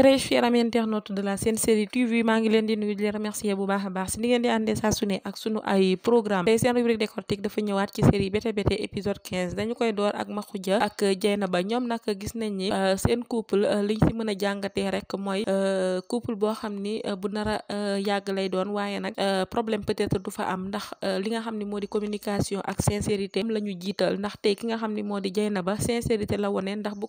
très chers amis internautes de la Sen Série TV maa leen di nuyu leen remercier bu baax a baax si ni di àndee saa su ak sunu ay programme tey seen rubrique décortique dafa ñëwaat ci série Bété Bété épisode 15 dañu koy door ak Makhoudia ak Dieynaba ñoom nag gis nañ ni euh, seen couple euh, liñ si mën a jàngatee rek mooy euh, couple boo xam ni bu nar a yàgg lay doon waaye nag problème peut-être du fa am ndax li nga xam ni moo di communication ak sincérité la ñu jiital ndax tey ki nga xam ni moo di Dieynaba sincérité la wone ndax bu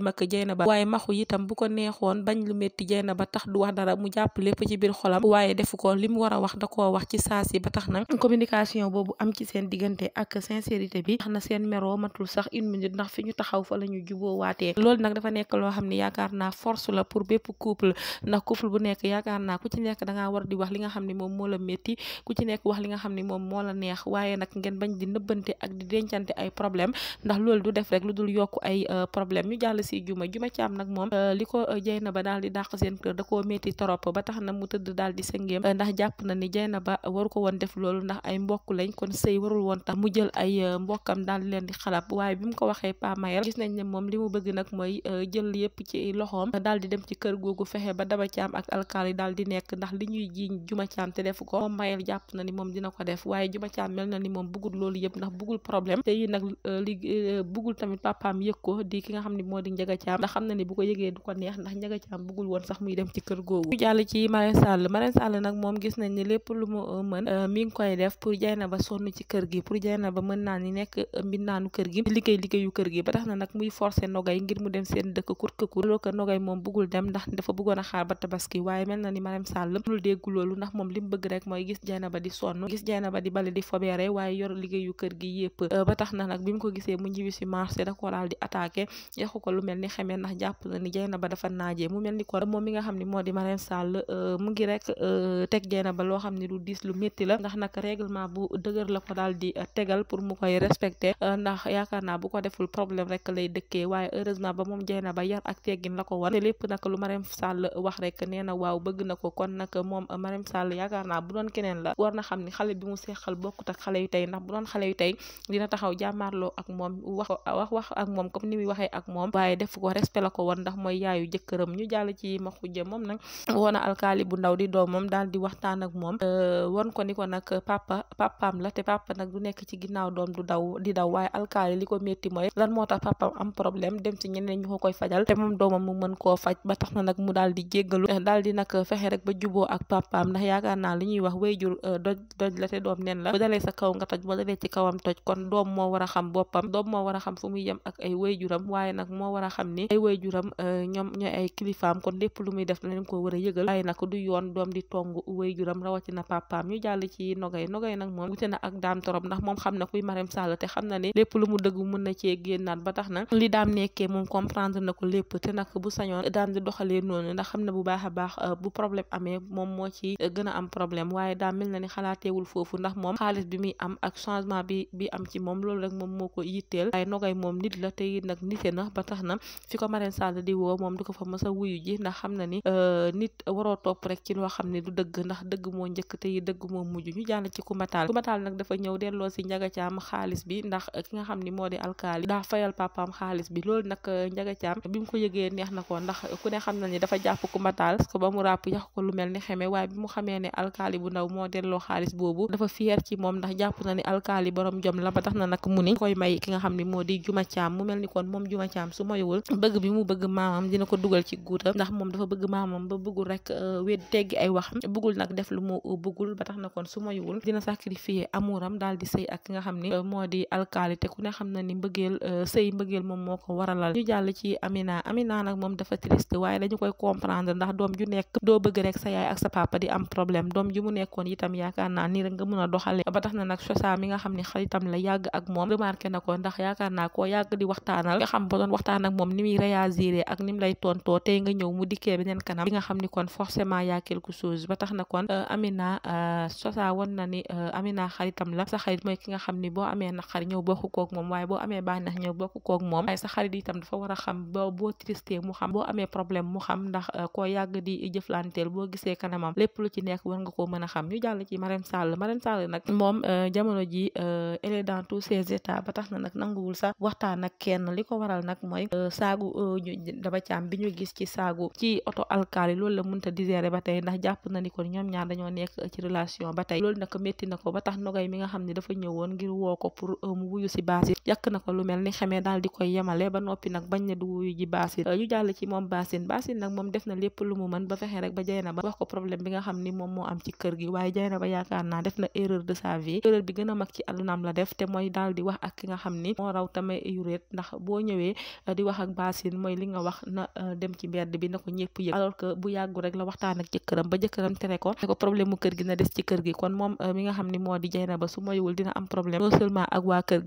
digganteem ak Jeynaba waaye maxu itam bu ko neexoon bañ lu métti Jeynaba tax du wax dara mu jàpp lépp ci biir xolam waaye defu ko a wax ci saasi ba tax nag communication boobu am ci seen diggante ak sincérité bi tax na seen meroo matul sax une minute ndax fi ñu taxaw fa la ñu juboo waatee nag dafa nekk loo xam ne yaakaar naa force la pour bépp couple ndax couple bu nekk yaakaar naa ku ci nekk da war di wax li nga xam ne moom moo la métti ku ci nekk wax li nga xam ne moom moo neex waaye nag ngeen bañ di juma caam nag moom euh, li ko Jeynaba euh, daal di dàq seen kër da koo métti trop ba tax na mu tëdd daal di sëngeem euh, ndax jàpp na ni Jeynaba waru ko woon def loolu ndax ay mbokk lañ kon sëy warul woon tax di leen di xalab bi mu ko waxee Pa Mayel gis nañ ne moom li mu bëgg nag mooy jël yëpp ci loxoom daal dem ci kër googu fexe ba daba caam ak alkaali daal di nekk ndax li ñuy jiiñ juma caam te def ko moom Mayel jàpp na ni moom dina ko def waaye juma caam mel na ni moom bëggul loolu yëpp ndax bëggul problème te yi nag li tamit papaam yëg ko bi Ndiaga Thiam ndax xam na ni bu ko yëgee du ko neex ndax Ndiaga Thiam bëggul woon sax muy dem ci kër googu jàll ci Marème Sall Marème Sall nag moom gis nañ ni lépp lu mu euh, mën euh, mi ngi koy def pour Dieynaba sonn ci kër gi pour Dieynaba mën naa ni nekk euh, mbindaanu kër gi liggéey liggéeyu kër gi ba tax na nag muy forcé nogay ngir mu dem seen dëkk kur ke kur loolu nogay moom bëggul dem ndax dafa bëggoon a xaar ba tabaski waaye mel na ni Marème Sall mënul dégg loolu ndax moom li mu bëgg rek mooy gis Dieynaba di sonn gis Dieynaba di bale di fobeere waaye yor liggéeyu kër gi yépp ba tax na nag bi mu ko gisee mu ñibbi si marché da ko daal di attaqué yàqu ko lu mel ni xamee ndax jàpp na ni Dieynaba dafa naajee mu mel ni kon moom mi nga xam ne moo di Marème Sall euh, mu ngi rek euh, teg ba loo xam ne lu diis lu métti la ndax nag règlement bu dëgër la euh, deful problème rek lay dëkkee waaye heureusement ba moom Dieynaba yar ak teggin la ko war te lépp nag lu Marème Sall na waaw bëgg na ko kon nag moom Marème Sall yaakaar naa bu doon la war na xam ni xale bi mu seexal bokkut ak xale yu tey ndax bu doon xale yu tey dina taxaw jàmmaarloo ak moom wax wax ak moom comme ni muy ak moom waaye defu ko respect la ko woon ndax mooy yaayu jëkkëram ñu jàll ci ma xujja moom nag woon na alkaali bu ndaw di moom daal di waxtaan ak moom euh, won ko ni ko nag papa papaam la te papa nag du nekk ci ginnaaw doom du daw di daw waaye alkaali li ko métti mooy lan moo tax papaam am problème dem ci ñeneen ñu ko koy fajal te moom doomam mu mën koo faj ba tax na nag mu daal di jéggalu daal di nag fexe rek ba juboo ak papaam ndax yaakaar naa li ñuy wax wéyjur euh, doj doj la te doom nen la bu sa kaw nga toj bu dalee ci kawam toj kon doom moo a xam boppam doom moo war xam muy yem ak ay war a xam ni ay waajuram euh, ñoom ñooy ay kilifaam kon lépp lu muy def na ko war a yëgal waaye nag du yoon doom di tong waajuram rawatina papaam ñu jàll ci nogay nogay nag moom wute na ak daam ba tax na li daam nekkee moom comprendre na ko lépp te nag bu sañoon daam di doxalee noonu ndax xam na bu baax a baax euh, bu problème amee moom moo ci euh, gën a am problème waaye daam mel na ni xalaateewul foofu ndax moom xaalis bi muy am ak changement bi am ci moom loolu rek moom moo ko yitteel waaye nogay moom nit la te nag nite na ba tax na fi ko Marème Sall di woo moom du ko fa mës a wuyu ji ndax xam na ni euh, nit waroo topp rek ci loo xam ne du dëgg ndax dëgg moo njëkk te yi dëgg moo mujj ñu jàll ci Koumbatal Koumbatal nag dafa ñëw delloo si Njaga Caam xaalis bi ki nga xam ni moo di alkaali daa fayal papaam xaalis bi loolu nag euh, Njaga Caam bi ko yëgee neex na ko ndax ku na ni dafa jàpp Koumbatal parce que ba mu ràpp yàq ko lu mel ni xeme waaye bi mu xamee ne alkaali bu ndaw moo delloo xaalis boobu dafa fier ci moom ndax jàpp na ni alkaali borom jom la ba tax na nag mu koy may ki nga xam ni moo di Juma Caam mu mel ni kon moom Juma Caam soriwul bëgg bi mu bëgg maamam dina ko dugal ci guuta ndax moom dafa bëgg maamam ba bëggul rek euh, wéet teggi ay waxam bëggul nag def lu mu bëggul ba tax na kon su moywul dina sacrifier amuram daal di sëy euh, ku ne xam na ni mbëggeel euh, sëy mbëggeel moom moo ko waralal ñu jàll ci Amina Amina nag moom dafa triste waaye dañu koy comprendre ndax doom ju nekk doo bëgg rek sa yaay ak sa papa am problème doom ju mu nekkoon itam yaakaar naa nii rek nga mun a doxale ba tax na nag Sosa mi nga xam ni nag moom ni muy réagir ak ni mu lay tontoo tey nga ñëw mu dikkee beneen kanam li nga xam ni kon forcément yaa quelque chose ba tax na kon euh, Amina euh, sosa wan na ni euh, Amina xaritam la sa xarit mooy ki nga xam ni boo amee naqar ñëw bokk koog moom waaye boo amee bànneex ñëw bokk koog moom waaye sa xarit itam dafa war a xam boo boo triste mu xam boo amee problème mu xam ndax koo yàgg di jëflanteel boo gisee kanamam lépp lu ci nekk war nga koo mën a xam ñu jàll ci Marème Sall Marème Sall nag moom jamono ji elle est ba tax na nag nanguwul sax waxtaan ak kenn saagu euh, daba caam bi ñu gis ci saagu ci oto alkaali loolu la mënta digérer ba tey ndax jàpp na ni kon ñoom ñaar dañoo nekk ci relation ba tey loolu nag métti na ko ba tax nogay mi nga xam ne dafa ñëwoon ngir woo pour euh, wuyu si baasir yàq na ko lu ni xamee daal di koy yemale ba noppi nag bañ na du wuyu ji baasir euh, ñu jàll ci moom baasin baasin nag moom def na lépp ba fexe rek ba jayna ba wax ko problème bi nga xam ni moom moo am ci kër gi waaye ba yaakaar naa def na erreur de sa vie erreur a mag ci àddunaam la def te mooy daal di wax di wax ak basin mooy li nga wax na euh, dem ci mbedd bi na ko ñëpp yëpp alors que bu yàggu rek la waxtaan ak jëkkëram ba jëkkëram tere ko ne euh, ni moo di Dieynaba su moywul dina am problème non seulement ak waa kër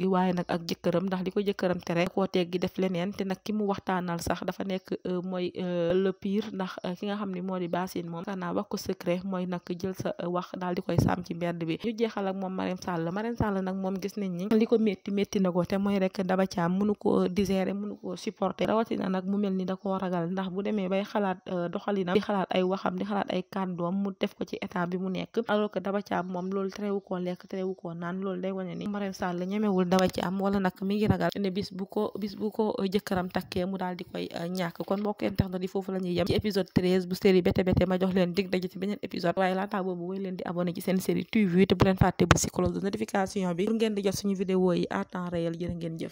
def leneen te nag ki waxtaanal sax dafa nekk euh, mooy le ndax ki nga xam ni moo di basin moom xanaa wax ko secret mooy nag jël sa wax daal di koy sàmm ci mbedd bi ñu jeexal ak moom Marème Sall Marème Sall nag moom gis nañ ni li ko métti métti na ko te mooy rek Daba Thiam mënu ko digérer mënu ko supporter rawatina nag mu mel ni da koo ragal ndax bu demee bay xalaat euh, doxalinam di xalaat ay waxam di xalaat ay kàddoom mu def ko ci état bi mu nekk alors que Daba Thiam moom loolu terewu ragal ne bis euh, jëkkëram takkee mu daal di koy euh, ñàkk kon mbokk internet yi foofu la ñuy ci épisode treize bu série Bété Bété ma jox leen dig daje beneen épisode waaye laataa boobu woy leen di abonné ci seen série TV te bu leen fàtte bu si de notification bi